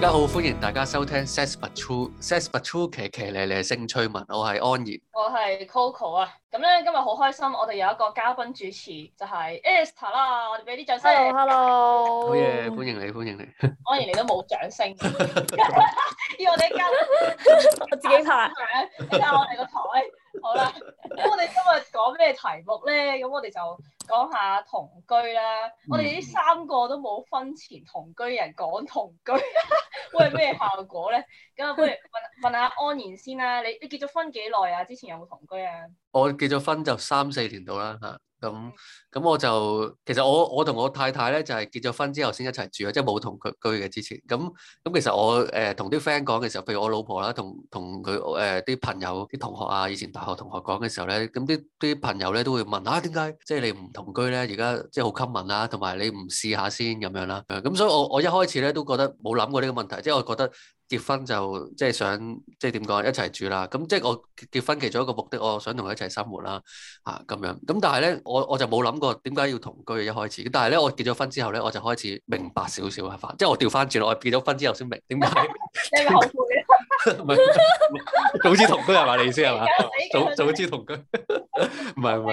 大家好，歡迎大家收聽《Sex But True》，《Sex But True》奇奇咧咧性趣聞，我係安然，我係 Coco 啊。咁咧今日好開心，我哋有一個嘉賓主持就係、是、Esther 啦，我哋俾啲掌聲。Hello, hello. 好嘢，歡迎你，歡迎你。安然你都冇掌聲，要 我哋跟， 手我自己拍，你教我哋個台。 好啦，咁我哋今日講咩題目咧？咁我哋就講下同居啦。嗯、我哋呢三個都冇婚前同居人講同居，會係 咩效果咧？咁不如問 問下安然先啦。你你結咗婚幾耐啊？之前有冇同居啊？我結咗婚就三四年到啦，吓。咁咁我就，其實我我同我太太咧就係結咗婚之後先一齊住啊，即係冇同佢居嘅之前。咁咁其實我誒同啲 friend 講嘅時候，譬如我老婆啦，同同佢誒啲朋友、啲同學啊，以前大學同學講嘅時候咧，咁啲啲朋友咧都會問啊，點解即係你唔同居咧？而家即係好 common 啦，同埋你唔試下先咁樣啦。咁所以我我一開始咧都覺得冇諗過呢個問題，即係我覺得。結婚就即係想即係點講，一齊住啦。咁即係我結婚其中一個目的，我想同佢一齊生活啦。啊，咁樣。咁但係咧，我我就冇諗過點解要同居一開始。但係咧，我結咗婚之後咧，我就開始明白少少啊，即係我調翻轉，我結咗婚之後先明點解你後悔，早知同居，係咪你意思係嘛？早早知同居唔係唔係，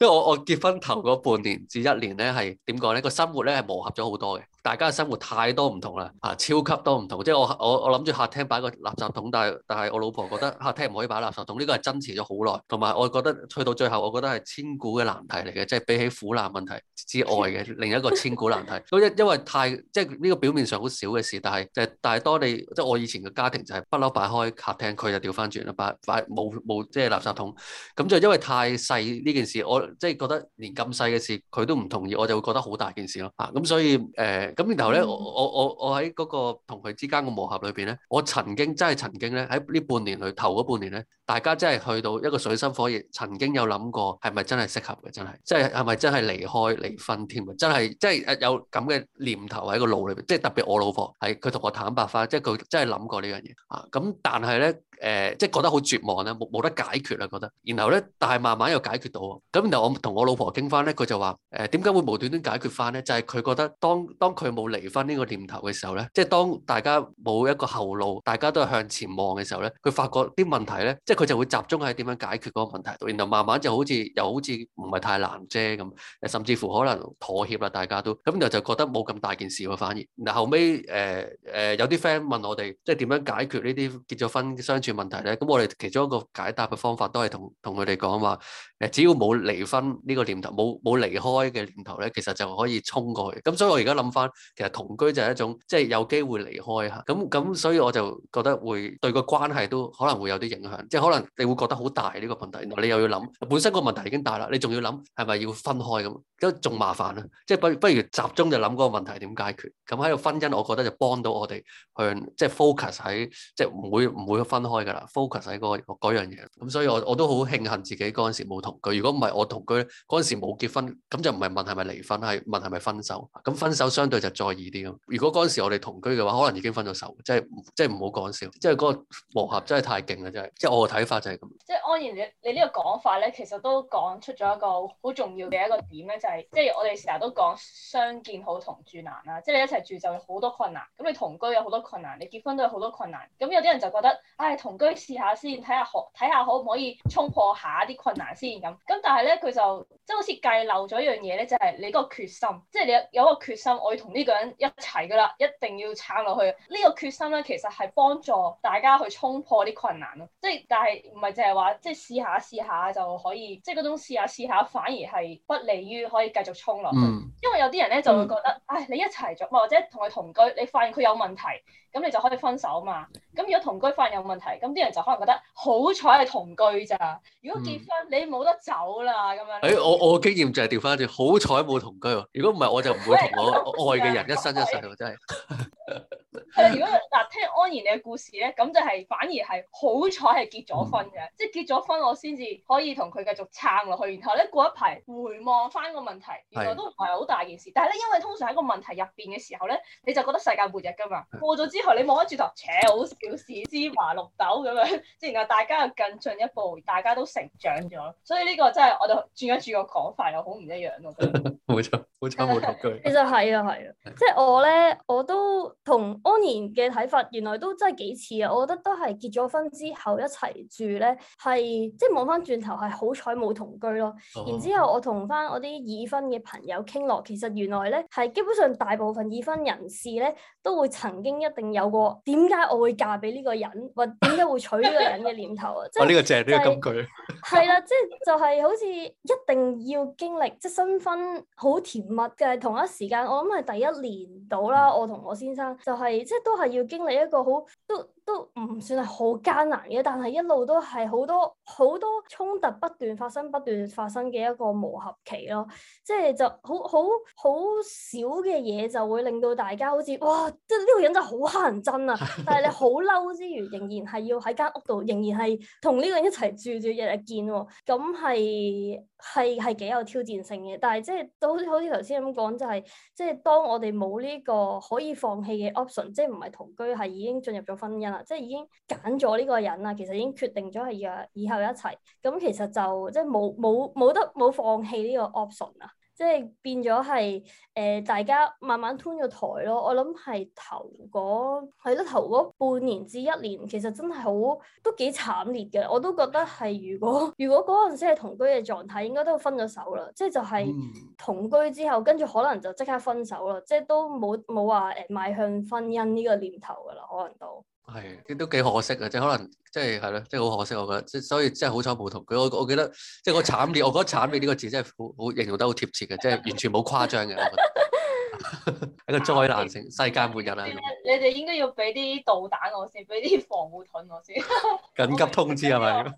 因為我我結婚頭嗰半年至一年咧，係點講咧？個生活咧係磨合咗好多嘅。大家嘅生活太多唔同啦，啊，超級多唔同，即係我我我諗住客廳擺個垃圾桶，但係但係我老婆覺得客廳唔可以擺垃圾桶，呢個係爭持咗好耐。同埋我覺得去到最後，我覺得係千古嘅難題嚟嘅，即係比起苦難問題之外嘅另一個千古難題。咁因因為太即係呢個表面上好少嘅事，但係但係當你即係我以前嘅家庭就係不嬲擺開客廳，佢就掉翻轉啦，擺擺冇冇即係垃圾桶。咁就因為太細呢件事，我即係覺得連咁細嘅事佢都唔同意，我就會覺得好大件事咯。啊，咁所以誒。呃咁然後咧，我我我喺嗰個同佢之間嘅磨合裏邊咧，我曾經真係曾經咧喺呢半年裏頭嗰半年咧，大家真係去到一個水深火熱，曾經有諗過係咪真係適合嘅，真係即係係咪真係離開離婚添啊？真係即係有咁嘅念頭喺個腦裏邊，即係特別我老婆係佢同我坦白返，即係佢真係諗過呢樣嘢啊。咁但係咧。誒、呃、即係覺得好絕望咧，冇冇得解決啦，覺得。然後咧，但係慢慢又解決到。咁然後我同我老婆傾翻咧，佢就話誒，點解會無端端解決翻咧？就係、是、佢覺得當當佢冇離婚呢個念頭嘅時候咧，即係當大家冇一個後路，大家都係向前望嘅時候咧，佢發覺啲問題咧，即係佢就會集中喺點樣解決嗰個問題度。然後慢慢就好似又好似唔係太難啫咁，甚至乎可能妥協啦，大家都咁就就覺得冇咁大件事喎，反而嗱後尾誒誒有啲 friend 問我哋即係點樣解決呢啲結咗婚住問題咧，咁我哋其中一個解答嘅方法都係同同佢哋講話，誒，只要冇離婚呢個念頭，冇冇離開嘅念頭咧，其實就可以衝過去。咁所以我而家諗返，其實同居就係一種即係有機會離開嚇。咁咁，所以我就覺得會對個關係都可能會有啲影響，即係可能你會覺得好大呢個問題，原來你又要諗本身個問題已經大啦，你仲要諗係咪要分開咁，咁仲麻煩啦。即係不不如集中就諗個問題點解決。咁喺個婚姻，我覺得就幫到我哋向即係 focus 喺即係唔會唔會分開。開㗎啦，focus 喺嗰個樣嘢。咁所以我我都好慶幸自己嗰陣時冇同居。如果唔係我同居咧，嗰陣時冇結婚，咁就唔係問係咪離婚，係問係咪分手。咁分手相對就再易啲咯。如果嗰陣時我哋同居嘅話，可能已經分咗手，即係即係唔好講笑，即係嗰個磨合真係太勁啦，真係。即係我嘅睇法就係咁。即係安然，你你呢個講法咧，其實都講出咗一個好重要嘅一個點咧，就係即係我哋成日都講相見好同住難啦。即係你一齊住就有好多困難。咁你同居有好多困難，你結婚都有好多困難。咁有啲人就覺得，唉、哎。同居試下先，睇下可睇下可唔可以衝破下啲困難先咁。咁但係咧，佢就即係好似計漏咗一樣嘢咧，就係你嗰個決心，即係你有有個決心，我要同呢個人一齊㗎啦，一定要撐落去。呢個決心咧，其實係幫助大家去衝破啲困難咯。即係但係唔係淨係話即係試下試下就可以，即係嗰種試下試下反而係不利於可以繼續衝落去。Mm. 因為有啲人咧就會覺得，唉，你一齊咗，或者同佢同居，你發現佢有問題，咁你就可以分手嘛。咁如果同居發現有問題，咁啲人就可能覺得好彩係同居咋，如果結婚、嗯、你冇得走啦咁、欸、樣。誒，我我經驗就係調翻轉，好彩冇同居喎，如果唔係我就唔會同我愛嘅人一生一世喎、啊，真係。 如果嗱聽安然你嘅故事咧，咁就係反而係好彩係結咗婚嘅，即係結咗婚我先至可以同佢繼續撐落去。然後咧過一排回望翻個問題，原來都唔係好大件事。但係咧因為通常喺個問題入邊嘅時候咧，你就覺得世界末日㗎嘛。過咗之後你望一轉頭，扯好似芝麻綠豆咁樣，即係然後大家又更進一步，大家都成長咗。所以呢個真係，我哋轉一轉個講法又好唔一樣咯。冇錯，冇錯，冇停句。其實係啊係啊，即係我咧我都同安。年嘅睇法，原來都真係幾似啊！我覺得都係結咗婚之後一齊住呢，係即係望翻轉頭，係好彩冇同居咯。然之後我同翻我啲已婚嘅朋友傾落，其實原來呢係基本上大部分已婚人士呢都會曾經一定有過點解我會嫁俾呢個人或點解會娶呢個人嘅念頭啊！ 即係我呢個正呢、這個金句係啦，即係 就係、係、好似一定要經歷即係新婚好甜蜜嘅同一時間，我諗係第一年到啦，嗯、我同我先生就係、係就。係即係都係要經歷一個好。都都唔算係好艱難嘅，但係一路都係好多好多衝突不斷發生、不斷發生嘅一個磨合期咯。即係就好好好少嘅嘢就會令到大家好似哇，即係呢個人真係好乞人憎啊！但係你好嬲之餘，仍然係要喺間屋度，仍然係同呢個人一齊住住日日見、哦，喎。咁係係係幾有挑戰性嘅，但係即係都好似好似頭先咁講就係、是、即係當我哋冇呢個可以放棄嘅 option，即係唔係同居係已經進入咗。婚姻啦，即係已經揀咗呢個人啦，其實已經決定咗係約以後一齊，咁其實就即係冇冇冇得冇放棄呢個 option 啦。即係變咗係誒，大家慢慢吞咗台咯。我諗係頭嗰喺咧，頭嗰半年至一年，其實真係好都幾慘烈嘅。我都覺得係如果如果嗰陣時係同居嘅狀態，應該都分咗手啦。即係就係同居之後，跟住可能就即刻分手啦。即係都冇冇話誒，邁向婚姻呢個念頭噶啦，可能都。係，都都幾可惜嘅，即係可能，即係係咯，即係好可惜，我覺得，即係所以真係好彩冇同佢，我我記得，即係個慘烈，我覺得慘烈呢個字真係好好形容得好貼切嘅，即係完全冇誇張嘅。我覺得。 一個災難性世界末日啊！你哋應該要俾啲導彈我先，俾啲防護盾我先。緊 急通知係咪？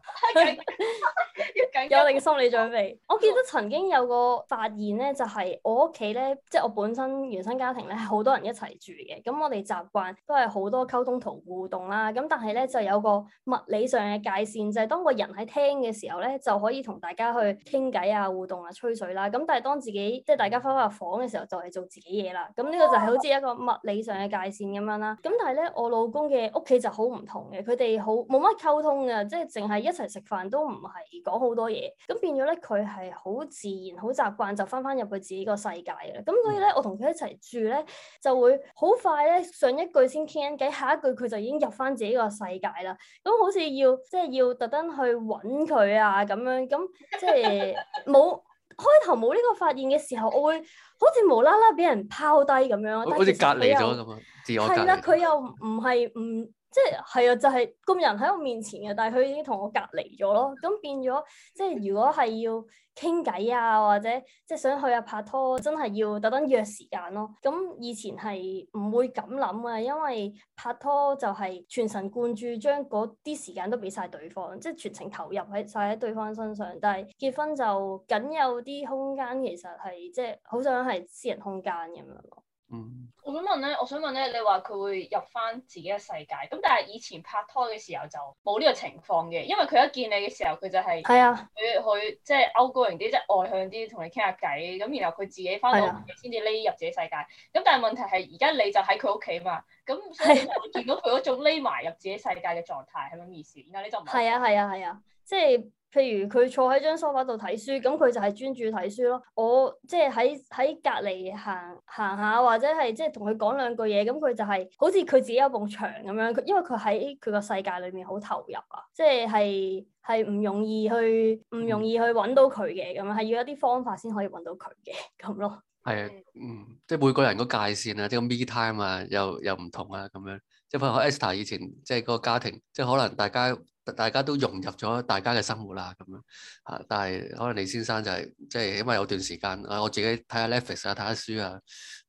有定心理準備。 我記得曾經有個發現咧，就係、是、我屋企咧，即、就、係、是、我本身原生家庭咧，好多人一齊住嘅。咁我哋習慣都係好多溝通同互動啦。咁但係咧就有個物理上嘅界線，就係、是、當個人喺聽嘅時候咧，就可以同大家去傾偈啊、互動啊、吹水啦。咁但係當自己即係大家翻返入房嘅時候，就係、是、做自己嘢啦，咁呢個就係好似一個物理上嘅界線咁樣啦。咁但係咧，我老公嘅屋企就好唔同嘅，佢哋好冇乜溝通嘅，即係淨係一齊食飯都唔係講好多嘢。咁變咗咧，佢係好自然、好習慣就翻翻入去自己個世界嘅。咁所以咧，我同佢一齊住咧，就會好快咧上一句先傾緊偈，下一句佢就已經入翻自己個世界啦。咁好似要即係、就是、要特登去搵佢啊咁樣，咁即係冇。開頭冇呢個發現嘅時候，我會好似無啦啦俾人拋低咁樣，好似隔離咗咁樣，係啦，佢又唔係唔。即係係啊，就係咁人喺我面前嘅，但係佢已經同我隔離咗咯。咁變咗，即係如果係要傾偈啊，或者即係想去啊拍拖，真係要特登約時間咯。咁以前係唔會咁諗嘅，因為拍拖就係全神貫注，將嗰啲時間都俾晒對方，即係全程投入喺晒喺對方身上。但係結婚就僅有啲空間，其實係即係好想係私人空間咁樣咯。嗯。我想問咧，我想問咧，你話佢會入翻自己嘅世界，咁但係以前拍拖嘅時候就冇呢個情況嘅，因為佢一見你嘅時候佢就係係啊，佢佢即係勾勾人啲，即係外向啲，同你傾下偈，咁然後佢自己翻到屋企，先至匿入自己世界。咁、啊、但係問題係而家你就喺佢屋企嘛，咁所以見到佢嗰種匿埋入自己世界嘅狀態係咪咁意思？然後你就唔係啊係啊係啊，即係、啊啊啊、譬如佢坐喺張梳化度睇書，咁佢就係專注睇書咯。我即係喺喺隔離行行，行下，或者係即係。同佢講兩句嘢，咁佢就係好似佢自己有埲牆咁樣。佢因為佢喺佢個世界裏面好投入啊，即係係係唔容易去唔容易去揾到佢嘅咁樣，係、嗯、要一啲方法先可以揾到佢嘅咁咯。係啊，嗯，即、就、係、是、每個人個界線啊，即係個 me time 啊，又又唔同啊咁樣。即係譬如阿 Esther 以前即係、就是、個家庭，即、就、係、是、可能大家大家都融入咗大家嘅生活啦咁樣嚇。但係可能李先生就係即係起碼有段時間啊，我自己睇下 Netflix 啊，睇下書啊。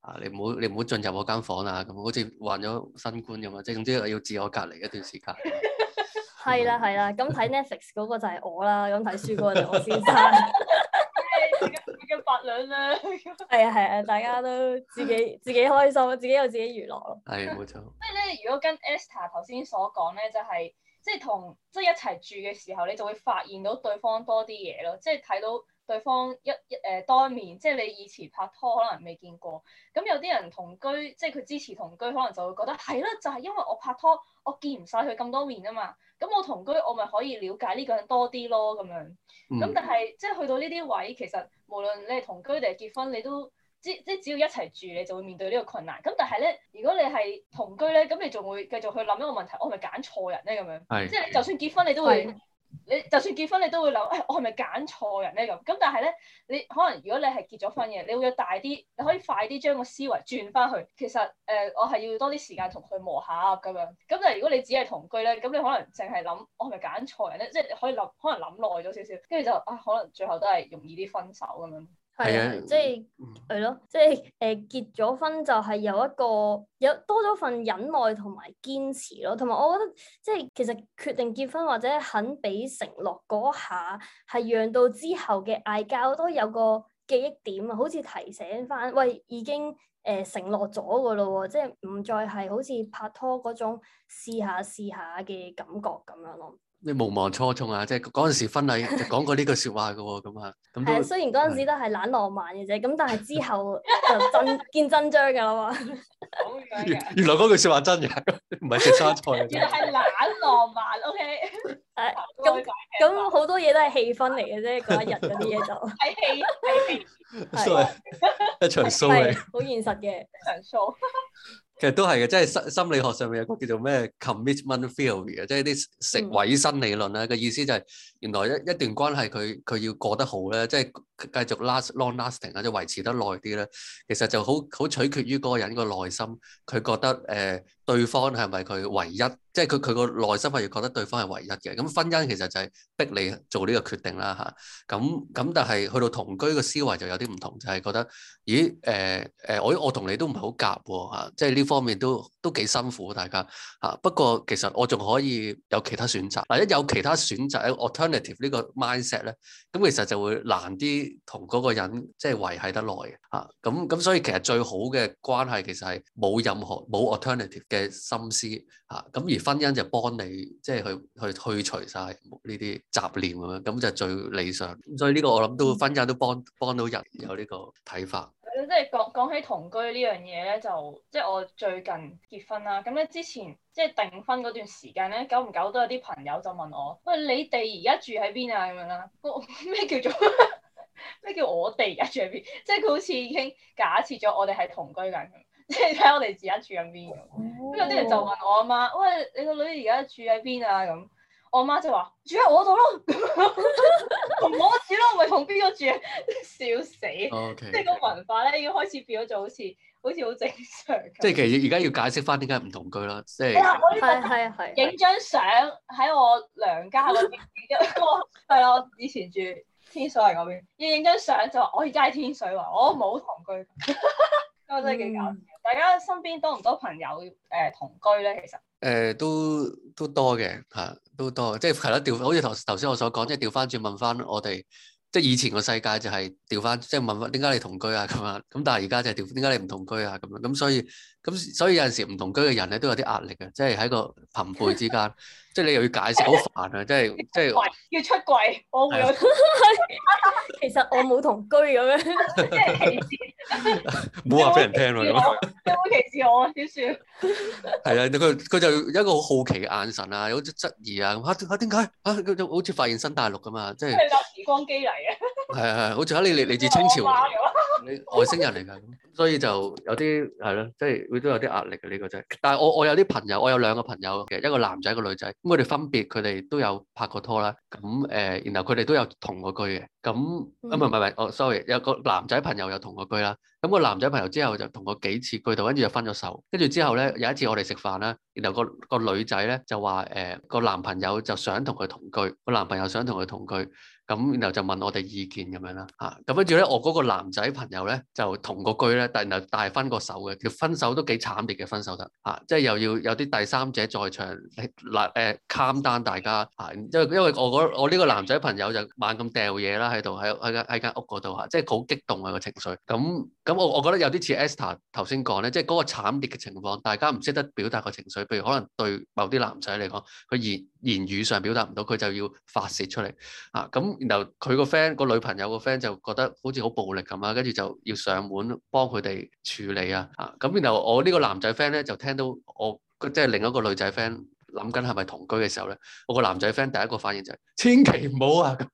啊！你唔好你唔好進入我間房啊！咁好似患咗新冠咁啊，即係總之我要自我隔離一段時間。係啦係啦，咁睇 Netflix 嗰個就係我啦，咁睇書嗰個就我先生。係自己自己發啦。係啊係啊，大家都自己自己開心，自己有自己娛樂咯。係冇錯。即係咧，如果跟 Esther 頭先所講咧、就係，就係即係同即係一齊住嘅時候，你就會發現到對方多啲嘢咯，即係睇到。對方一一誒多、呃、面，即係你以前拍拖可能未見過，咁有啲人同居，即係佢支持同居，可能就會覺得係咯、嗯，就係、是、因為我拍拖，我見唔晒佢咁多面啊嘛，咁我同居我咪可以了解呢個人多啲咯咁樣。咁但係即係去到呢啲位，其實無論你係同居定係結婚，你都即即只要一齊住，你就會面對呢個困難。咁但係咧，如果你係同居咧，咁你仲會繼續去諗一個問題，我係咪揀錯人咧咁樣。即係是的 就，就算結婚，你都會。你就算結婚，你都會諗，誒，我係咪揀錯人咧咁？咁但係咧，你可能如果你係結咗婚嘅，你會要大啲，你可以快啲將個思維轉翻去。其實誒、呃，我係要多啲時間同佢磨下，咁樣。咁但係如果你只係同居咧，咁你可能淨係諗，我係咪揀錯人咧？即係你可以諗，可能諗耐咗少少，跟住就啊，可能最後都係容易啲分手咁樣。係啊，即係係咯，即係誒結咗婚就係有一個有多咗份忍耐同埋堅持咯，同埋我覺得即係其實決定結婚或者肯畀承諾嗰下，係讓到之後嘅嗌交都有個記憶點啊，好似提醒返喂，已經誒、呃、承諾咗噶咯，即係唔再係好似拍拖嗰種試下試下嘅感覺咁樣咯。你無忘初衷啊，即係嗰陣時婚禮講過呢句說話嘅喎，咁啊，係雖然嗰陣時都係懶浪漫嘅啫，咁但係之後就真見真章噶啦嘛。好原來嗰句說話真嘅，唔係食生菜。原來係懶浪漫，OK，咁咁好多嘢都係氣氛嚟嘅啫，嗰一日嗰啲嘢就係氣，係一場 show 嚟，好現實嘅，一場 show。其實都係嘅，即係心心理學上面有個叫做咩 commitment theory 啊，即係啲食委身理論啊。個意思就係、是。原來一一段關係佢佢要過得好咧，即係繼續 last long-lasting 啊，即係維持得耐啲咧。其實就好好取決於嗰個人個內心，佢覺得誒、呃、對方係咪佢唯一？即係佢佢個內心係要覺得對方係唯一嘅。咁婚姻其實就係逼你做呢個決定啦嚇。咁、啊、咁但係去到同居個思維就有啲唔同，就係、是、覺得咦誒誒、呃呃，我我同你都唔係好夾喎，即係呢方面都。都幾辛苦，大家嚇、啊。不過其實我仲可以有其他選擇，或、啊、者有其他選擇喺 alternative 呢個 mindset 咧。咁、啊、其實就會難啲同嗰個人即係維係得耐嘅嚇。咁咁所以其實最好嘅關係其實係冇任何冇 alternative 嘅心思嚇。咁、啊啊、而婚姻就幫你即係、就是、去去去除晒呢啲雜念咁樣，咁就最理想。所以呢個我諗都婚姻都幫幫到人有呢個睇法。即係講講起同居呢樣嘢咧，就即係我最近結婚啦。咁咧之前即係訂婚嗰段時間咧，久唔久都有啲朋友就問我：喂，你哋而家住喺邊啊？咁樣啦，咩叫做咩 叫我哋而家住喺邊？即係佢好似已經假設咗我哋係同居緊，即係睇我哋而家住緊邊咁。咁有啲人就問我阿媽：喂，你個女而家住喺邊啊？咁。我媽就話住喺我度咯，同 我住咯，唔係同邊個住啊？笑死！Okay, okay. 即係個文化咧已經開始變咗，做好似好似好正常。即係其實而家要解釋翻點解唔同居啦，即係係係係影張相喺我娘家嗰邊，係咯， 以前住天水圍嗰邊，要影張相就話我而家喺天水圍，我冇同居，真係幾搞笑。 嗯大家身邊多唔多朋友誒、呃、同居咧？其實誒、呃、都都多嘅，嚇、啊、都多，即係係咯調，好似頭頭先我所講，即係調翻轉問翻我哋。即係以前個世界就係調翻，即係問翻點解你同居啊咁樣，咁但係而家就係調點解你唔同居啊咁樣，咁所以咁所以有陣時唔同居嘅人咧都有啲壓力嘅，即係喺個朋輩之間，即係你又要解釋，好煩啊！即係即係要出軌，我會有，其實我冇同居咁樣，即係歧視，冇話俾人聽啦咁啊！有冇歧視我啊？小雪係啊，佢佢就有一個好好奇嘅眼神啊，有啲質疑啊咁嚇嚇點解好似發現新大陸咁啊！即係。光機嚟嘅，係啊係啊，好似嚇你嚟嚟自清朝 你外星人嚟㗎，所以就有啲係咯，即係佢都有啲壓力嘅呢、呢個真、就係。但係我我有啲朋友，我有兩個朋友嘅，一個男仔一個女仔，咁佢哋分別佢哋都有拍過拖啦。咁誒、呃，然後佢哋都有同過居嘅。咁啊唔唔唔，哦、嗯、sorry，有個男仔朋友有同過居啦。咁、嗰個男仔朋友之後就同過幾次居度，跟住就分咗手。跟住之後咧，有一次我哋食飯啦，然後、嗰個、嗰個女仔咧就話誒、呃嗰個男朋友就想同佢同居，個男朋友想同佢同居。咁然後就問我哋意見咁樣啦，嚇咁跟住咧，我嗰個男仔朋友咧就同個居咧，突然又大分個手嘅，叫分手都幾慘烈嘅分手得，嚇、啊、即係又要有啲第三者在場，嗱誒，condemn 大家嚇，因為因為我我呢個男仔朋友就猛咁掉嘢啦，喺度喺喺間喺間屋嗰度嚇，即係好激動啊、這個情緒，咁、啊。啊咁我我覺得有啲似 Esther 頭先講咧，即係嗰個慘烈嘅情況，大家唔識得表達個情緒，譬如可能對某啲男仔嚟講，佢言言語上表達唔到，佢就要發泄出嚟啊！咁然後佢個 friend 個女朋友個 friend 就覺得好似好暴力咁啊，跟住就要上門幫佢哋處理啊！啊咁，然後我呢個男仔 friend 咧就聽到我即係、就是、另一個女仔 friend 諗緊係咪同居嘅時候咧，我個男仔 friend 第一個反應就係、是、 千祈唔好啊！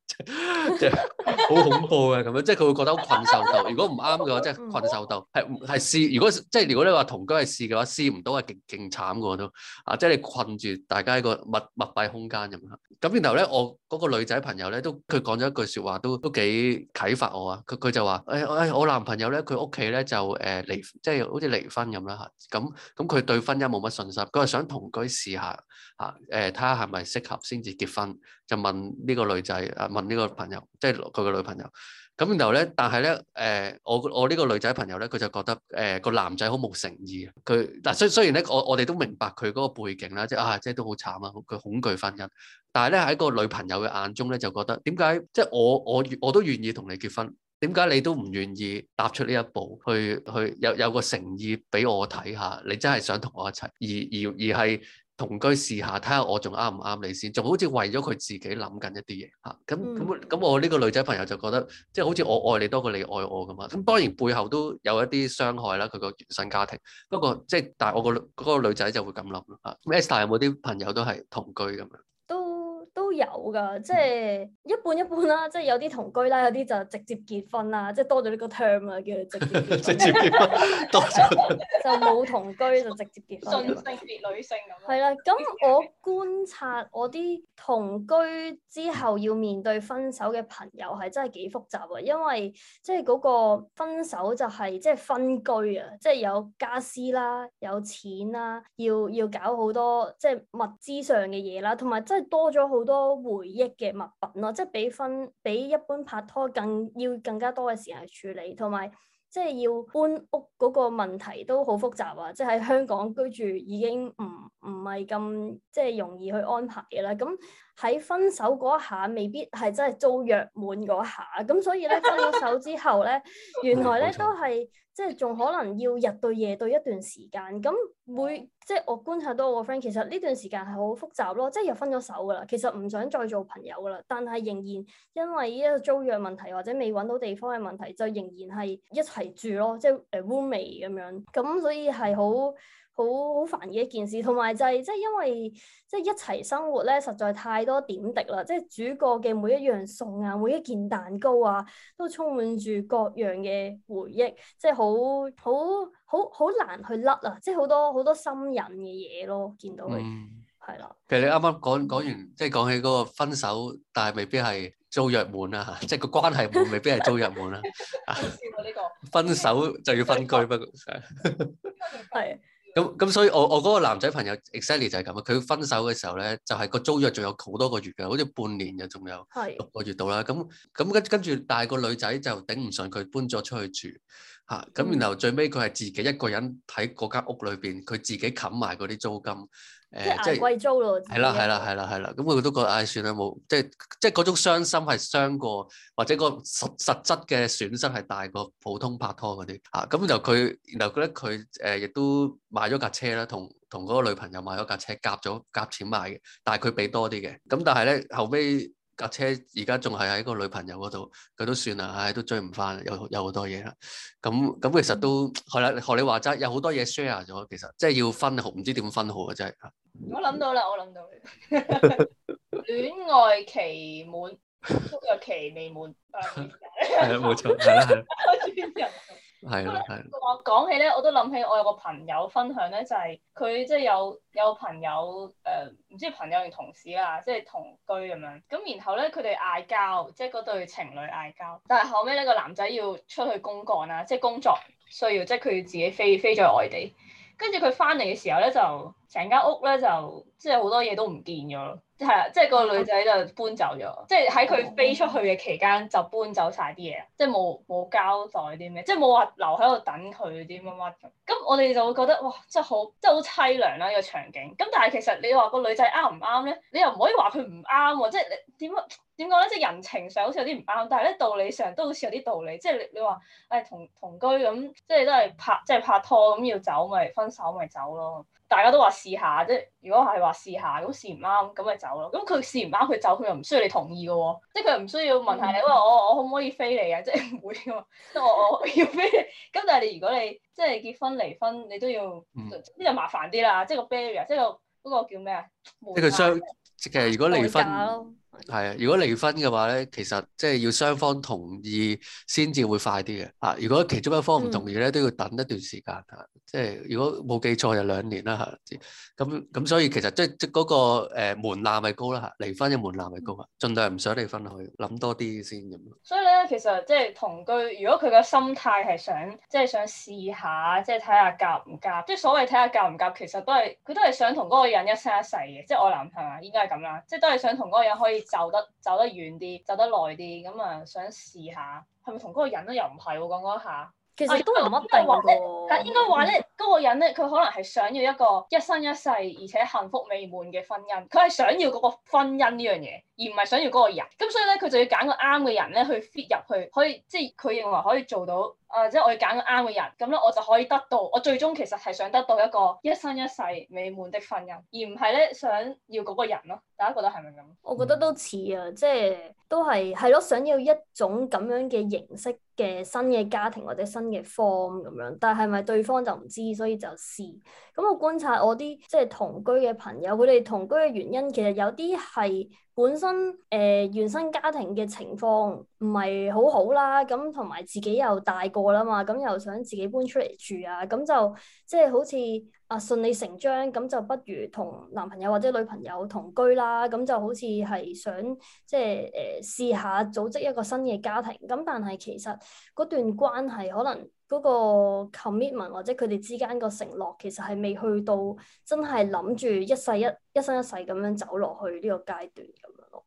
即係好恐怖啊咁樣，即係佢會覺得好困獸鬥。如果唔啱嘅話，即係困獸鬥係係試。如果即係如果你話同居係試嘅話，試唔到係勁勁慘嘅都啊！即係你困住大家喺個密密閉空間咁樣。咁然後咧，我嗰個女仔朋友咧都佢講咗一句説話，都都幾啟發我啊！佢佢就話：誒我男朋友咧，佢屋企咧就誒離，即係好似離婚咁啦嚇。咁咁佢對婚姻冇乜信心，佢話想同居試下吓，誒睇下係咪適合先至結婚。就問呢個女仔啊，問呢個朋友，即係佢個女朋友。咁然後咧，但係咧，誒，我我呢個女仔朋友咧，佢就覺得誒個男仔好冇誠意。佢嗱雖雖然咧，我我哋都明白佢嗰個背景啦，即係啊，即係都好慘啊。佢恐懼婚姻，但係咧，喺個女朋友嘅眼中咧，就覺得點解即係我我我都願意同你結婚，點解你都唔願意踏出呢一步去去有有個誠意俾我睇下，你真係想同我一齊，而而而係。而同居試下，睇下我仲啱唔啱你先，仲好似為咗佢自己諗緊一啲嘢嚇。咁咁咁，我呢個女仔朋友就覺得，即係好似我愛你多過你愛我㗎嘛。咁當然背後都有一啲傷害啦，佢個原生家庭。不過即係，但係我個嗰個女仔就會咁諗啦嚇。Esther 有冇啲朋友都係同居咁樣？有噶，即係一半一半啦，即係有啲同居啦，有啲就直接結婚啦，即係多咗呢個 term 啊，叫佢直接直接結婚，多咗就冇同居就直接結婚，結婚 順性別女性咁樣。係啦，咁我觀察我啲同居之後要面對分手嘅朋友係真係幾複雜啊，因為即係嗰個分手就係即係分居啊，即係有家私啦，有錢啦，要要搞好多即係物資上嘅嘢啦，同埋真係多咗好多。多回憶嘅物品咯，即係比分比一般拍拖更要更加多嘅時間去處理，同埋即係要搬屋嗰個問題都好複雜啊！即係喺香港居住已經唔唔係咁即係容易去安排嘅啦。咁喺分手嗰一,一下，未必係真係租約滿嗰下，咁所以咧分咗手之後咧， 原來咧 都係。即係仲可能要日對夜對一段時間，咁每即係我觀察到我個 friend，其實呢段時間係好複雜咯，即係又分咗手㗎喇，其實唔想再做朋友㗎喇，但係仍然因為呢一個租約問題或者未揾到地方嘅問題，就仍然係一齊住咯，即係唉 roommate 咁樣，咁所以係好。好好煩嘅一件事，同埋就係即係因為即係一齊生活咧，實在太多點滴啦！即係煮過嘅每一樣餸啊，每一件蛋糕啊，都充滿住各樣嘅回憶，即係好好好好難去甩啊！即係好多好多心癮嘅嘢咯，見到係啦。其實你啱啱講講完，即係講起嗰個分手，但係未必係租約滿啦，即係個關係滿，未必係租約滿啦。呢個分手就要分居，不過係。咁咁所以我，我我嗰個男仔朋友 exactly 就係咁啊！佢分手嘅時候咧，就係、是、個租約仲有好多個月㗎，好似半年嘅仲有六個月到啦。咁咁是跟跟住，但係個女仔就頂唔順，佢搬咗出去住。嚇！咁、嗯、然後最尾佢係自己一個人喺嗰間屋裏邊，佢自己冚埋嗰啲租金，誒即係貴租咯。係啦係啦係啦係啦，咁佢都覺得唉算啦冇，即係即係嗰種傷心係傷過，或者個實實質嘅損失係大過普通拍拖嗰啲嚇。咁然後佢，然後覺得佢誒亦都買咗架車啦，同同嗰個女朋友買咗架車夾咗夾錢買嘅，但係佢俾多啲嘅。咁但係咧後尾。架車而家仲係喺個女朋友嗰度，佢都算啦，唉、哎，都追唔翻，有有好多嘢啦。咁咁其實都係啦，學、啊、你話齋，有好多嘢 share 咗，其實即係要分，唔知點分好 啊，真、嗯、係。我諗到啦，我諗到，戀愛期滿，工作期未滿，係冇錯，係啦係。係啊！我講起咧，我都諗起我有個朋友分享咧，就係佢即係有有朋友誒，唔知朋友定同事啊，即係同居咁樣。咁然後咧，佢哋嗌交，即係嗰對情侶嗌交。但係後尾咧，個男仔要出去公幹啊，即係工作需要，即係佢要自己飛飛咗去外地。跟住佢翻嚟嘅時候咧，就～成間屋咧就即係好多嘢都唔見咗咯，即係即係個女仔就搬走咗，即係喺佢飛出去嘅期間就搬走晒啲嘢，即係冇冇交代啲咩，即係冇話留喺度等佢啲乜乜咁。咁我哋就會覺得哇，真係好真係好淒涼啦呢個場景。咁但係其實你話個女仔啱唔啱咧？你又唔可以話佢唔啱喎，即係你點點講咧？即係人情上好似有啲唔啱，但係咧道理上都好似有啲道理。即係你你話誒同同居咁，即係都係拍即係拍拖咁，要走咪分手咪走咯。大家都話試下啫，即係，如果係話試下，咁試唔啱咁咪走咯。咁佢試唔啱佢走，佢又唔需要你同意嘅喎，哦，即係佢又唔需要問下你，喂， 我我可唔可以飛你啊？即係唔會嘅，即係我我要飛你。咁 但係你如果你即係、即係、結婚離婚，你都要呢 就麻煩啲啦。即係個 barrier，即係個嗰個叫咩？即係個即係如果離婚。係啊，如果離婚嘅話咧，其實即係要雙方同意先至會快啲嘅啊。如果其中一方唔同意咧，嗯、都要等一段時間啊。即係如果冇記錯就兩年啦吓。咁咁所以其實即係即嗰個誒門檻係高啦吓，離婚嘅門檻係高啊，盡、嗯、量唔想離婚去，以諗多啲先咁所以咧，其實即係同居，如果佢嘅心態係想即係想試下，即係睇下夾唔夾，即係所謂睇下夾唔夾，其實都係佢都係想同嗰個人一生一世嘅，即係我諗係嘛，應該係咁啦，即係都係想同嗰個人可以。走得走得遠啲，走得耐啲，咁、嗯、啊想試下，係咪同嗰個人咧又唔係喎？講、那、講、個、下，其實都唔一定喎。但係、哎、應該話咧，嗰個人咧，佢可能係想要一個一生一世而且幸福美滿嘅婚姻。佢係想要嗰個婚姻呢樣嘢，而唔係想要嗰個人。咁所以咧，佢就要揀個啱嘅人咧去 fit 入去，可以即係佢認為可以做到。啊、呃！即係我要揀個啱嘅人，咁咧我就可以得到我最終其實係想得到一個一生一世美滿的婚姻，而唔係咧想要嗰個人咯。大家覺得係咪咁？我覺得都似啊，即係都係係咯，想要一種咁樣嘅形式嘅新嘅家庭或者新嘅 form 咁樣，但係咪對方就唔知，所以就試。咁我觀察我啲即係同居嘅朋友，佢哋同居嘅原因其實有啲係。本身誒、呃、原生家庭嘅情況唔係好好啦，咁同埋自己又大個啦嘛，咁又想自己搬出嚟住啊，咁就即係、就是、好似。啊，順理成章咁就不如同男朋友或者女朋友同居啦，咁就好似係想即係誒試下組織一個新嘅家庭。咁但係其實嗰段關係可能嗰個 commitment 或者佢哋之間個承諾，其實係未去到真係諗住一世一一生一世咁樣走落去呢個階段。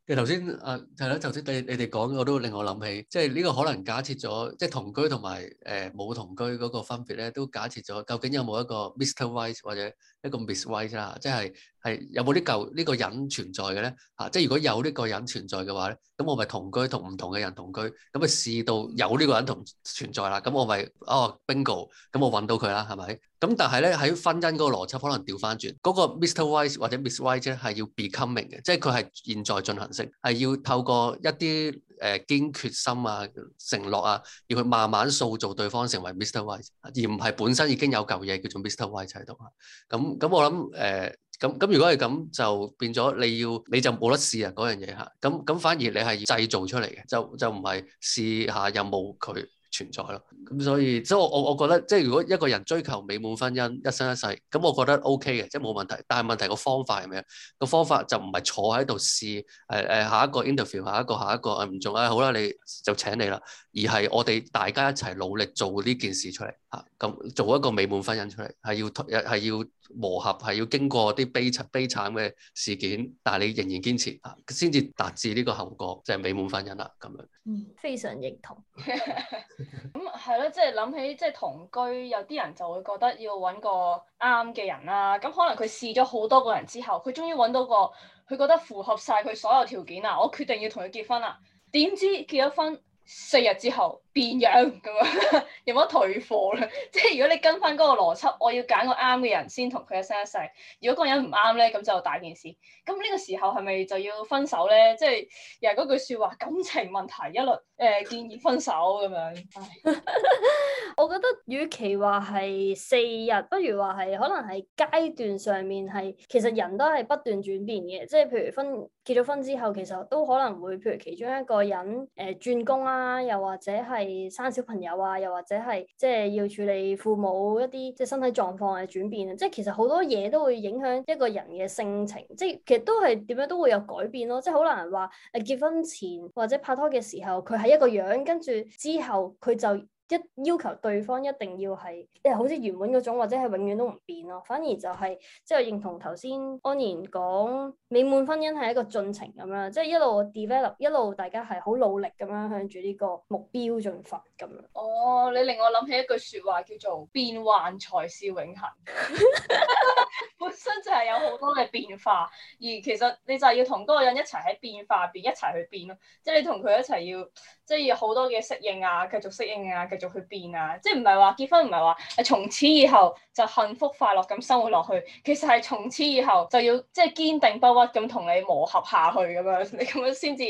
其實頭先啊係啦，頭先你你哋講我都令我諗起，即係呢個可能假設咗，即係同居同埋誒冇同居嗰個分別咧，都假設咗究竟有冇一個 Mr. White 或者一個 Miss White 啦，即係係有冇啲嚿呢個人存在嘅咧？吓、啊，即係如果有呢個人存在嘅話咧，咁我咪同居同唔同嘅人同居，咁啊試到有呢個人同存在啦，咁我咪哦 bingo，咁我搵到佢啦，係咪？咁但係咧喺婚姻嗰個邏輯可能調翻轉，嗰、嗰個 Mr. White 或者 Miss White 咧係要 becoming 嘅，即係佢係現在進行式，係要透過一啲。誒堅決心啊，承諾啊，要去慢慢塑造對方成為 Mr. White，而唔係本身已經有嚿嘢叫做 Mr. White 喺度。咁咁我諗誒，咁、呃、咁如果係咁，就變咗你要你就冇得試啊嗰樣嘢嚇。咁咁反而你係製造出嚟嘅，就就唔係試下有冇佢。存在咯，咁所以，所以我我我覺得，即係如果一個人追求美滿婚姻一生一世，咁我覺得 OK 嘅，即係冇問題，但係問題個方法係咩？個方法就唔係坐喺度試誒誒、哎、下一個 interview，下一個下一個誒唔做啊，做哎、好啦，你就請你啦。而係我哋大家一齊努力做呢件事出嚟吓，咁、啊、做一個美滿婚姻出嚟係要係要。磨合係要經過啲悲慘、悲慘嘅事件，但係你仍然堅持啊，先至達至呢個後果，就係美滿婚姻啦。咁樣，嗯，非常認同。咁係咯，即係諗起即係同居，有啲人就會覺得要揾個啱嘅人啦。咁可能佢試咗好多個人之後，佢終於揾到個，佢覺得符合晒佢所有條件啦，我決定要同佢結婚啦。點知結咗婚四日之後。變樣咁樣有冇退貨咧？即係如果你跟翻嗰個邏輯，我要揀個啱嘅人先同佢一生一世。如果嗰個人唔啱咧，咁就大件事。咁呢個時候係咪就要分手咧？即係又係嗰句説話，感情問題一律誒、呃、建議分手咁樣。 我覺得與其話係四日，不如話係可能係階段上面係其實人都係不斷轉變嘅。即係譬如分結咗婚之後，其實都可能會譬如其中一個人誒、呃、轉工啦、啊，又或者係。生小朋友啊，又或者係即係要處理父母一啲即係身體狀況嘅轉變，即係其實好多嘢都會影響一個人嘅性情，即係其實都係點樣都會有改變咯，即係好難話誒結婚前或者拍拖嘅時候佢係一個樣，跟住之後佢就。一要求對方一定要係誒，好似原本嗰種，或者係永遠都唔變咯。反而就係、是、即係認同頭先安然講，美滿婚姻係一個進程咁樣，即係一路 develop，ed, 一路大家係好努力咁樣向住呢個目標進發咁樣。哦，你令我諗起一句説話，叫做變幻才是永恆， 本身就係有好多嘅變化，而其實你就係要同嗰個人一齊喺變化變一齊去變咯，即、就、係、是、你同佢一齊要即係、就是、要好多嘢適應啊，繼續適應啊。繼續去變啊！即係唔係話結婚唔係話，誒從此以後就幸福快樂咁生活落去。其實係從此以後就要即係堅定不屈咁同你磨合下去咁樣，你咁樣先至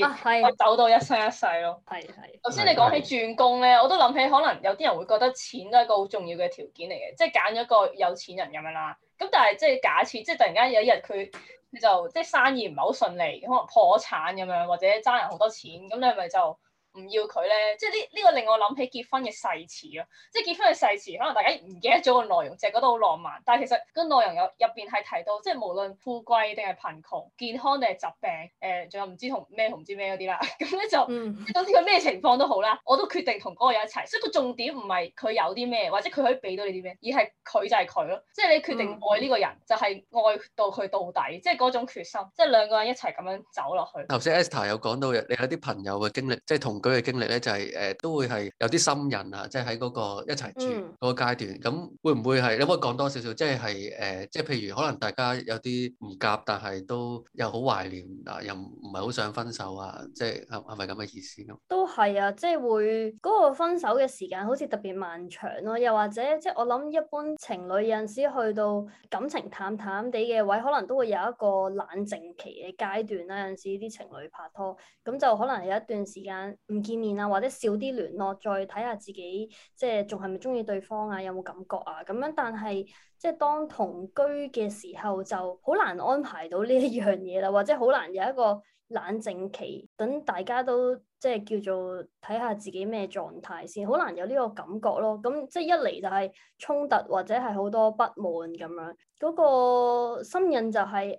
走到一生一世咯。係係、啊。頭先你講起轉工咧，我都諗起可能有啲人會覺得錢都係一個好重要嘅條件嚟嘅，即係揀咗個有錢人咁樣啦。咁但係即係假設，即係突然間有一日佢佢就即係生意唔係好順利，可能破咗產咁樣，或者爭人好多錢，咁你係咪就？唔要佢咧，即係呢呢個令我諗起結婚嘅誓詞咯。即係結婚嘅誓詞，可能大家唔記得咗個內容，凈、就、係、是、覺得好浪漫。但係其實個內容有入邊係提到，即係無論富貴定係貧窮，健康定係疾病，誒、呃，仲有唔知同咩同唔知咩嗰啲啦。咁 咧、嗯、就即總之佢咩情況都好啦，我都決定同嗰個人一齊。所以個重點唔係佢有啲咩，或者佢可以俾到你啲咩，而係佢就係佢咯。即係你決定愛呢個人，嗯、就係愛到佢到底，即係嗰種決心，即係、嗯、兩個人一齊咁樣走落去。頭先 Esther 有講到有你有啲朋友嘅經歷，即係同。佢嘅經歷咧就係、是、誒都會係有啲心人啊，即係喺嗰個一齊住嗰個階段，咁、嗯、會唔會係你可以講多少少，即係誒，即、呃、係、就是、譬如可能大家有啲唔夾，但係都又好懷念啊，又唔唔係好想分手啊，即係係咪咁嘅意思咯？都係啊，即、就、係、是、會嗰個分手嘅時間好似特別漫長咯、啊，又或者即係、就是、我諗一般情侶有陣時去到感情淡淡地嘅位，可能都會有一個冷靜期嘅階段啦、啊。有陣時啲情侶拍拖咁就可能有一段時間。唔見面啊，或者少啲聯絡，再睇下自己即係仲係咪中意對方啊，有冇感覺啊？咁樣，但係即係當同居嘅時候，就好難安排到呢一樣嘢啦，或者好難有一個冷靜期，等大家都即係叫做睇下自己咩狀態先，好難有呢個感覺咯。咁即係一嚟就係衝突，或者係好多不滿咁樣。嗰、那個心癮就係、是，誒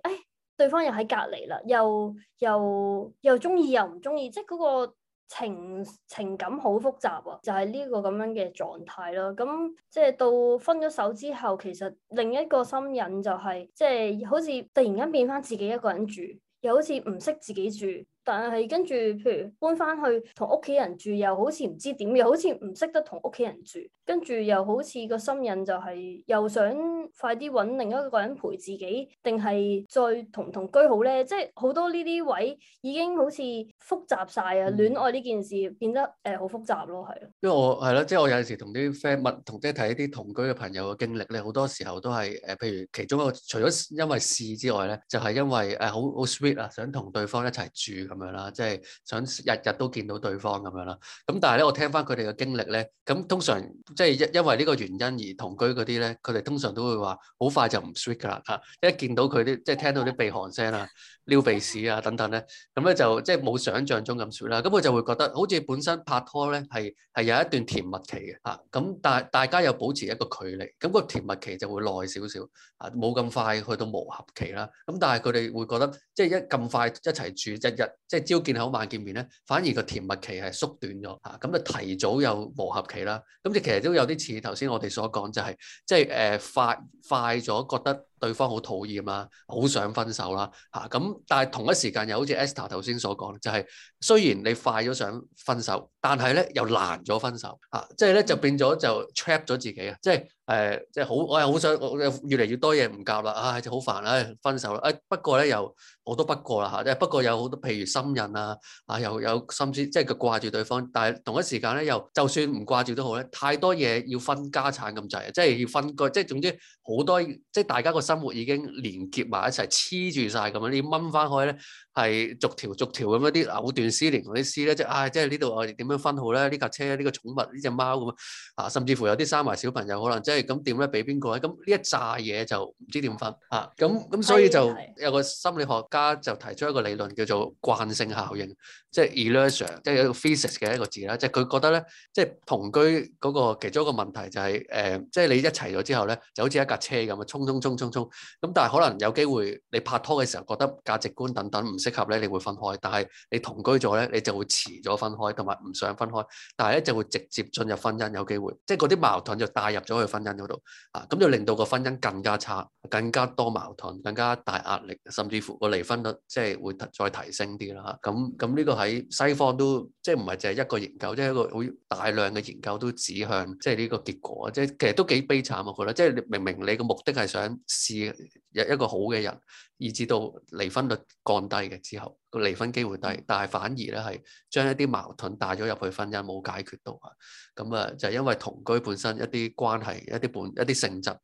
對方又喺隔離啦，又又又中意又唔中意，即係、那、嗰個。情情感好複雜啊，就係呢個咁樣嘅狀態咯。咁即係到分咗手之後，其實另一個心癮就係，即係好似突然間變翻自己一個人住，又好似唔識自己住。但係跟住，譬如搬翻去同屋企人住又，又好似唔知點，又好似唔識得同屋企人住。跟住又好似個心癮就係又想快啲揾另一個人陪自己，定係再同唔同居好咧？即係好多呢啲位已經好似複雜晒啊！嗯、戀愛呢件事變得誒好複雜咯，係。因為我係咯，即係、就是、我有陣時同啲 friend 同即係睇啲同居嘅朋友嘅經歷咧，好多時候都係誒，譬如其中一個除咗因為試之外咧，就係、是、因為誒好好 sweet 啊，想同對方一齊住咁。咁樣啦，即係想日日都見到對方咁樣啦。咁但係咧，我聽翻佢哋嘅經歷咧，咁通常即係因因為呢個原因而同居嗰啲咧，佢哋通常都會話好快就唔 sweet 噶啦嚇，一見到佢啲即係聽到啲鼻鼾聲啊、撩鼻屎啊等等咧，咁咧就即係冇想像中咁 sweet 啦。咁佢就會覺得好似本身拍拖咧係係有一段甜蜜期嘅嚇。咁、啊、但係大家又保持一個距離，咁、嗰個甜蜜期就會耐少少啊，冇咁快去到磨合期啦。咁、啊、但係佢哋會覺得即係、就是、一咁快一齊住一日。一即係朝見口晚見面咧，反而個甜蜜期係縮短咗嚇，咁、嗯、就提早有磨合期啦。咁即係其實都有啲似頭先我哋所講，就係、是、即係誒、呃、快快咗，覺得。對方好討厭啊，好想分手啦、啊，嚇、啊、咁，但係同一時間又好似 Esther 頭先所講，就係、是、雖然你快咗想分手，但係咧又難咗分手，嚇、啊，即係咧就變咗就 trap 咗自己啊，即係誒，即係好，我、就、又、是哎、好想，我越嚟越多嘢唔夾啦，啊、哎，就好煩啦、哎，分手啦，誒、哎、不過咧又我都不過啦嚇、啊，不過有好多譬如心癮啊，啊又有心思，即係佢掛住對方，但係同一時間咧又就算唔掛住都好咧，太多嘢要分家產咁滯啊，即、就、係、是、要分居，即、就、係、是、總之好多即係大家個。生活已經連結埋一齊黐住晒，咁樣，你掹翻開咧。係逐條逐條咁一啲藕斷絲連嗰啲絲咧，即係啊、哎，即係呢度我哋點樣分好咧？呢架車、呢個寵物、呢隻貓咁啊，甚至乎有啲生埋小朋友，可能即係咁點咧？俾邊個咧？咁呢一紮嘢就唔知點分啊！咁咁所以就有個心理學家就提出一個理論叫做慣性效應，即係 illusion 即係有個 physics 嘅一個字啦。即係佢覺得咧，即係同居嗰個其中一個問題就係、是、誒、呃，即係你一齊咗之後咧，就好似一架車咁啊，衝衝衝衝衝咁，但係可能有機會你拍拖嘅時候覺得價值觀等等唔。即係咧，你會分開，但係你同居咗咧，你就會遲咗分開，同埋唔想分開，但係咧就會直接進入婚姻，有機會，即係嗰啲矛盾就帶入咗去婚姻嗰度，啊，咁就令到個婚姻更加差，更加多矛盾，更加大壓力，甚至乎個離婚率即係會再提升啲啦。咁咁呢個喺西方都即係唔係淨係一個研究，即係一個好大量嘅研究都指向即係呢個結果，即係其實都幾悲慘我覺得，即係你明明你個目的係想試一個好嘅人。以至到離婚率降低嘅之後，個離婚機會低，但係反而咧係將一啲矛盾帶咗入去婚姻冇解決到啊！咁啊，就係因為同居本身一啲關係、一啲本、一啲性質。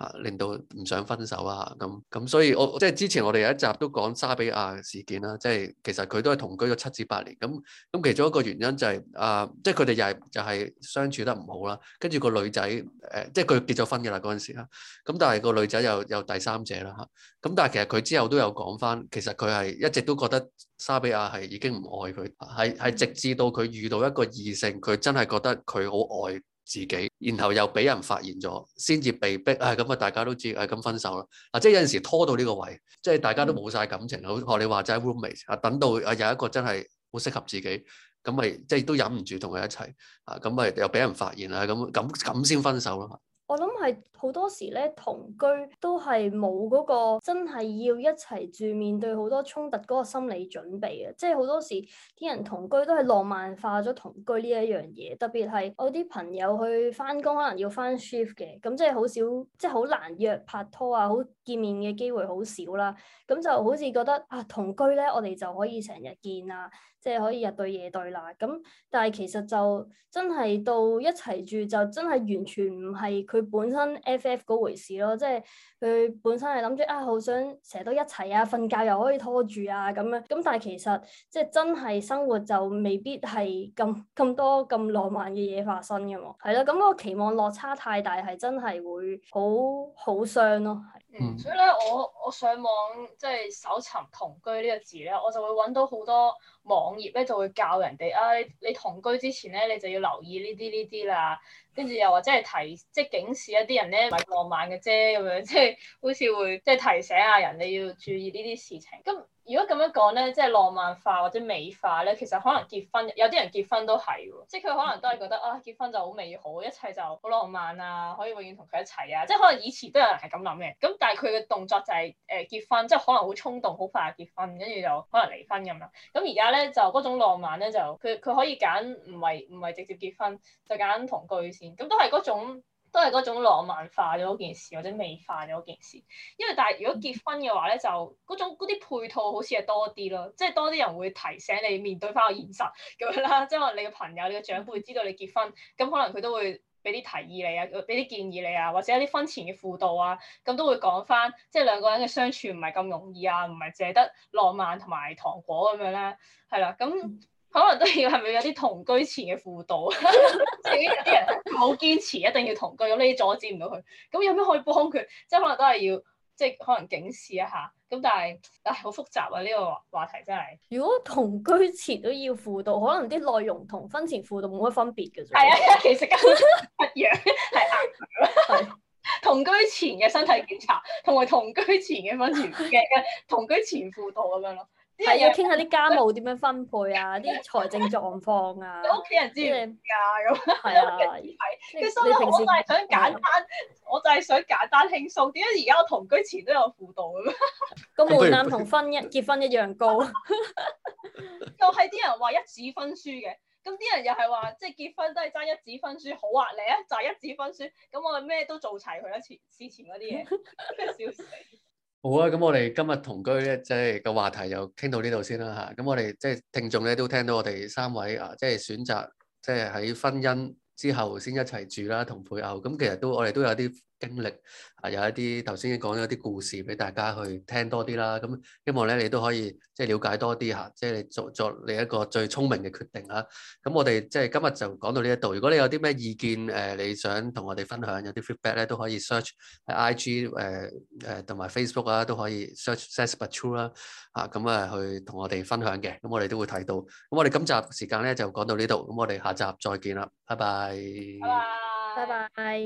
啊，令到唔想分手啊，咁咁，所以我即係之前我哋有一集都講莎比亞事件啦，即係其實佢都係同居咗七至八年，咁咁其中一個原因就係啊，即係佢哋又係又係相處得唔好啦，跟住個女仔誒，即係佢結咗婚嘅啦嗰陣時啦，咁但係個女仔又有第三者啦嚇，咁但係其實佢之後都有講翻，其實佢係一直都覺得莎比亞係已經唔愛佢，係係直至到佢遇到一個異性，佢真係覺得佢好愛。自己，然後又俾人發現咗，先至被逼啊！咁啊，大家都知啊，咁、哎、分手咯。嗱，即係有陣時拖到呢個位，即係大家都冇晒感情，學 你話齋 roommate 啊，等到啊有一個真係好適合自己，咁咪即係都忍唔住同佢一齊啊，咁咪又俾人發現啊，咁咁咁先分手咯。我諗係好多時咧，同居都係冇嗰個真係要一齊住、面對好多衝突嗰個心理準備嘅。即係好多時啲人同居都係浪漫化咗同居呢一樣嘢。特別係我啲朋友去返工，可能要返 shift 嘅，咁即係好少，即係好難約拍拖啊，好～見面嘅機會好少啦，咁就好似覺得啊同居呢，我哋就可以成日見啊，即係可以日對夜對啦。咁但係其實就真係到一齊住就真係完全唔係佢本身 F.F 嗰回事咯。即係佢本身係諗住啊，好想成日都一齊啊，瞓覺又可以拖住啊咁樣。咁但係其實即係真係生活就未必係咁咁多咁浪漫嘅嘢發生噶喎。係咯，咁個期望落差太大係真係會好好傷咯。嗯，所以咧，我我上網即係、就是、搜尋同居呢個字咧，我就會揾到好多網頁咧，就會教人哋，唉、啊，你你同居之前咧，你就要留意呢啲呢啲啦，跟住又或者係提即係、就是、警示一啲人咧，唔係浪漫嘅啫，咁樣即係、就是、好似會即係、就是、提醒下人你要注意呢啲事情咁。如果咁樣講咧，即係浪漫化或者美化咧，其實可能結婚有啲人結婚都係喎，即係佢可能都係覺得啊結婚就好美好，一切就好浪漫啊，可以永遠同佢一齊啊，即係可能以前都有人係咁諗嘅，咁但係佢嘅動作就係、是、誒、呃、結婚，即係可能好衝動，好快結婚，跟住就可能離婚咁啦。咁而家咧就嗰種浪漫咧就佢佢可以揀唔係唔係直接結婚，就揀同居先，咁都係嗰種。都係嗰種浪漫化咗件事，或者美化咗件事。因為但係如果結婚嘅話咧，就嗰啲配套好似係多啲咯，即係多啲人會提醒你面對翻個現實咁樣啦。即係可能你嘅朋友、你嘅長輩知道你結婚，咁可能佢都會俾啲提議你啊，俾啲建議你啊，或者一啲婚前嘅輔導啊，咁都會講翻，即係兩個人嘅相處唔係咁容易啊，唔係淨係得浪漫同埋糖果咁樣啦。係啦，咁。可能都要係咪有啲同居前嘅輔導？ 即係有啲人冇堅持，一定要同居咁，你阻止唔到佢。咁有咩可以幫佢？即係可能都係要，即係可能警示一下。咁但係，但係，好複雜啊！呢個話題真係。如果同居前都要輔導，可能啲內容同婚前輔導冇乜分別㗎啫。係啊，其實一樣係硬場咯。係同居前嘅身體檢查，同埋同居前嘅婚前嘅 同居前輔導咁樣咯。係 要傾下啲家務點樣分配啊，啲 財政狀況啊，你屋企人知唔知啊？咁係 啊，係。跟住所以我就係想簡單，我就係想簡單輕鬆。點解而家我同居前都有輔導咁？個 門檻同婚姻結婚一樣高。 又係啲人話一紙婚書嘅，咁啲人又係話即係結婚都係爭一紙婚書好壓力啊，就係一紙婚書。咁我咩都做齊佢一次之前嗰啲嘢，笑死！ 好啊，咁我哋今日同居咧，即係個話題就傾到呢度先啦吓。咁我哋即係聽眾咧，都聽到我哋三位啊，即係選擇即係喺婚姻之後先一齊住啦，同配偶。咁其實都我哋都有啲。經歷啊，有一啲頭先講咗啲故事俾大家去聽多啲啦。咁希望咧，你都可以即係了解多啲吓，即係做作你一個最聰明嘅決定啦。咁我哋即係今日就講到呢一度。如果你有啲咩意見誒，你想同我哋分享有啲 feedback 咧，都可以 search I G 誒誒同埋 Facebook 啊，都可以 search s a s but true 啦。吓咁啊，去同我哋分享嘅咁，我哋都會睇到。咁我哋今集時間咧就講到呢度，咁我哋下集再見啦，拜拜，拜拜。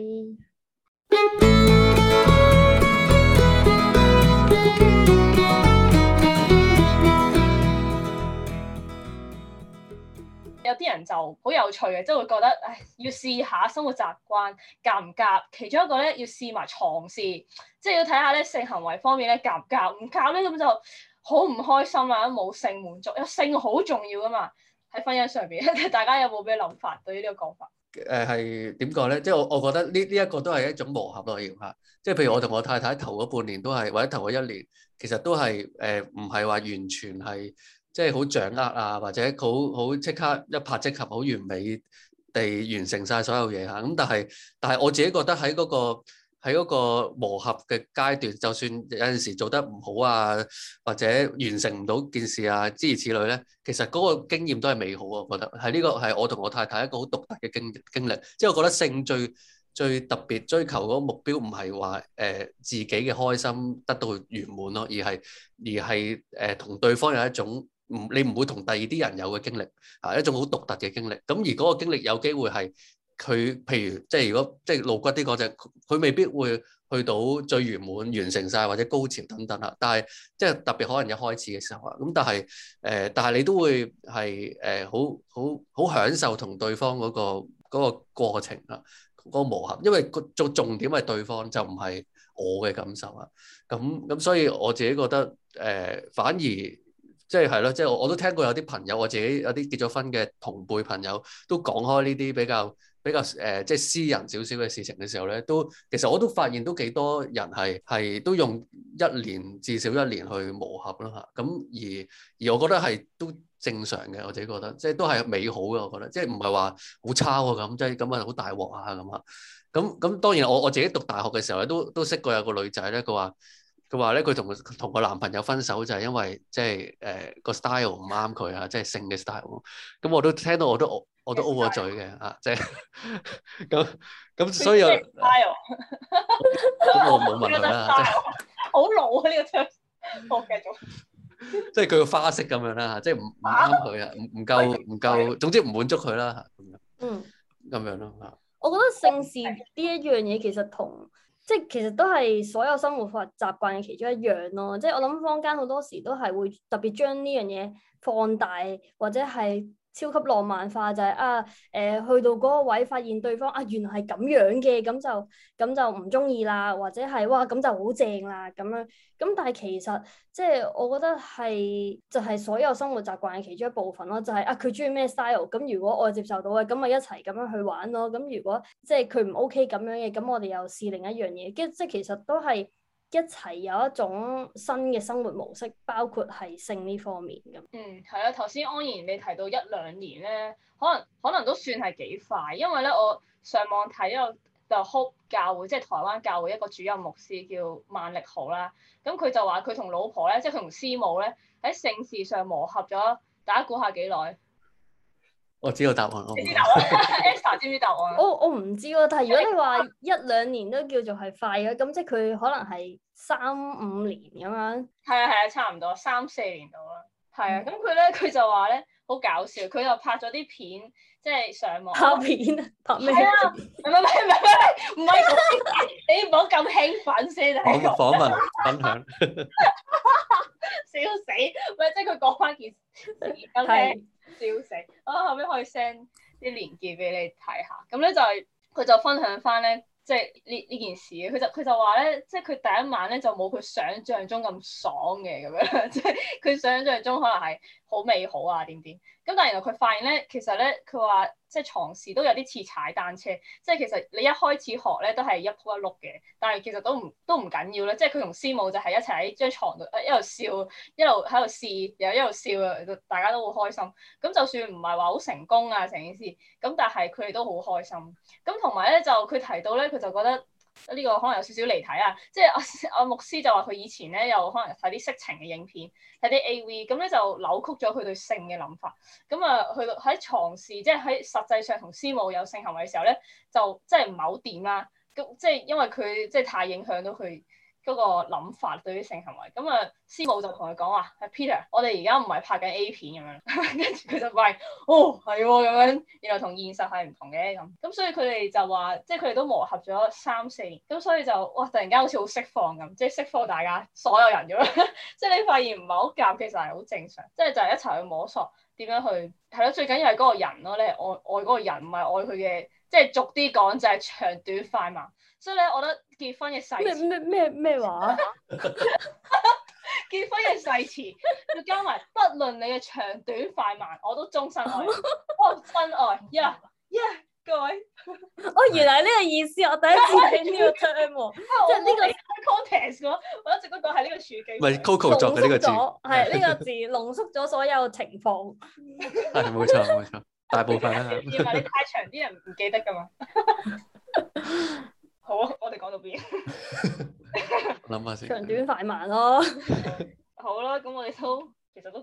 有啲人就好有趣嘅，即係會覺得，唉，要試下生活習慣夾唔夾？其中一個咧，要試埋床事，即係要睇下咧性行為方面咧夾唔夾？唔夾咧咁就好唔開心啊，冇性滿足，有性好重要噶嘛，喺婚姻上邊，大家有冇咩諗法？對於呢個講法？誒，係點講咧？即係我我覺得呢呢一個都係一種磨合咯，要嚇，即係譬如我同我太太頭嗰半年都係，或者頭嗰一年，其實都係誒唔係話完全係即係好掌握啊，或者好好即刻一拍即合好完美地完成晒所有嘢嚇。咁但係但係我自己覺得喺嗰、那個。喺嗰個磨合嘅階段，就算有陣時做得唔好啊，或者完成唔到件事啊，諸如此類咧，其實嗰個經驗都係美好啊！我覺得係呢個係我同我太太一個好獨特嘅經經歷，即係我覺得性最最特別追求嗰個目標，唔係話誒自己嘅開心得到圓滿咯，而係而係誒同對方有一種唔你唔會同第二啲人有嘅經歷啊，一種好獨特嘅經歷。咁而嗰個經歷有機會係。佢譬如即係如果即係露骨啲嗰隻，佢未必會去到最圓滿、完成晒，或者高潮等等啦。但係即係特別可能一開始嘅時候啦，咁但係誒，但係、呃、你都會係誒好好好享受同對方嗰、那個嗰、那個、過程啊，嗰、那個磨合，因為個重重點係對方，就唔係我嘅感受啊。咁咁所以我自己覺得誒、呃，反而即係係咯，即係我我都聽過有啲朋友，我自己有啲結咗婚嘅同輩朋友都講開呢啲比較。比較誒、呃、即係私人少少嘅事情嘅時候咧，都其實我都發現都幾多人係係都用一年至少一年去磨合咯嚇。咁而而我覺得係都正常嘅，我自己覺得即係都係美好嘅，我覺得即係唔係話好差喎咁，即係咁咪好大鑊啊咁啊。咁咁當然我我自己讀大學嘅時候咧，都都識過有個女仔咧，佢話佢話咧佢同同個男朋友分手就係因為即係誒個 style 唔啱佢啊，即係、呃、性嘅 style。咁我都聽到我，我都。我都 O 個嘴嘅啊，即係咁咁，所以我咁我冇問題啦。好老啊呢個唱，我繼續。即係佢個花式咁樣啦，即係唔唔啱佢啊，唔唔夠唔夠，總之唔滿足佢啦，咁樣。嗯，咁樣咯。我覺得姓氏呢一樣嘢其實同即係其實都係所有生活習慣嘅其中一樣咯。即係我諗坊間好多時都係會特別將呢樣嘢放大或者係。超級浪漫化就係、是、啊，誒、呃、去到嗰個位發現對方啊，原來係咁樣嘅，咁就咁就唔中意啦，或者係哇咁就好正啦咁樣。咁但係其實即係、就是、我覺得係就係、是、所有生活習慣嘅其中一部分咯，就係、是、啊佢中意咩 style，咁如果我接受到嘅，咁咪一齊咁樣去玩咯。咁如果即係佢唔 OK 咁樣嘅，咁我哋又試另一樣嘢。跟即係其實都係。一齊有一種新嘅生活模式，包括係性呢方面咁。嗯，係啦，頭先安然你提到一兩年咧，可能可能都算係幾快，因為咧我上網睇一個 The Hope 教會，即係台灣教會一個主任牧師叫萬力豪啦，咁佢就話佢同老婆咧，即係佢同師母咧喺性事上磨合咗，大家估下幾耐？我知道答案，我唔知，知答案。Esther 知唔知答案？我我唔知，但係如果你話一兩年都叫做係快嘅，咁即係佢可能係三五年咁樣，啊。係啊係啊，差唔多三四年度啦。係啊，咁佢咧佢就話咧好搞笑，佢又拍咗啲片，即係上網拍片拍咩啊？唔係唔係唔係唔係唔係，唔係 你唔好咁興奮先得。訪問分享，笑, 笑死 Fest！ 喂，即係佢講翻件事，O K。 okay, 笑死啊！後面可以 send 啲連結俾你睇下，咁咧就係佢就分享翻咧，即係呢呢件事佢就佢就話咧，即係佢第一晚咧就冇佢想像中咁爽嘅，咁樣即係佢想像中可能係。好美好啊，點點咁，但係然後佢發現咧，其實咧，佢話即係牀事都有啲似踩單車，即係其實你一開始學咧都係一仆一碌嘅，但係其實都唔都唔緊要咧，即係佢同師母就係一齊喺張牀度，誒一路笑，一路喺度試，又一路笑，大家都好開心。咁就算唔係話好成功啊，成件事，咁但係佢哋都好開心。咁同埋咧就佢提到咧，佢就覺得。呢個可能有少少離題啊，即係阿阿牧師就話佢以前咧又可能睇啲色情嘅影片，睇啲 A.V. 咁咧就扭曲咗佢對性嘅諗法，咁啊去到喺牀事，即係喺實際上同師母有性行為嘅時候咧，就即係唔係好掂啦，咁即係因為佢即係太影響到佢。嗰個諗法對於性行為，咁啊，師母就同佢講話：Peter，我哋而家唔係拍緊 A 片咁樣，跟住佢就喂，哦、oh，係喎咁樣，原來同現實係唔同嘅咁，咁所以佢哋就話，即係佢哋都磨合咗三四年，咁所以就哇，突然間好似好釋放咁，即係釋放大家所有人咁樣，即 係你發現唔係好夾，其實係好正常，即係就係、是、一齊去摸索點樣去，係咯，最緊要係嗰個人咯，你愛愛嗰個人，唔係愛佢嘅。即係逐啲講就係長短快慢，所以咧，我覺得結婚嘅誓詞咩咩咩咩話？結婚嘅誓詞，再加埋，不論你嘅長短快慢，我都終身愛。哦，真愛，耶耶！各位，哦原來呢個意思，我第一次聽呢個 term 即係呢個 context 我一直都講係呢個處境。唔 Coco 作嘅呢個字，係呢個字濃縮咗所有情況。係冇錯，冇錯。大部分啦，而唔係你太長啲人唔記得噶嘛。好啊，我哋講到邊？諗 下先。 長短快慢咯。 好啦，啊，咁我哋都其實都。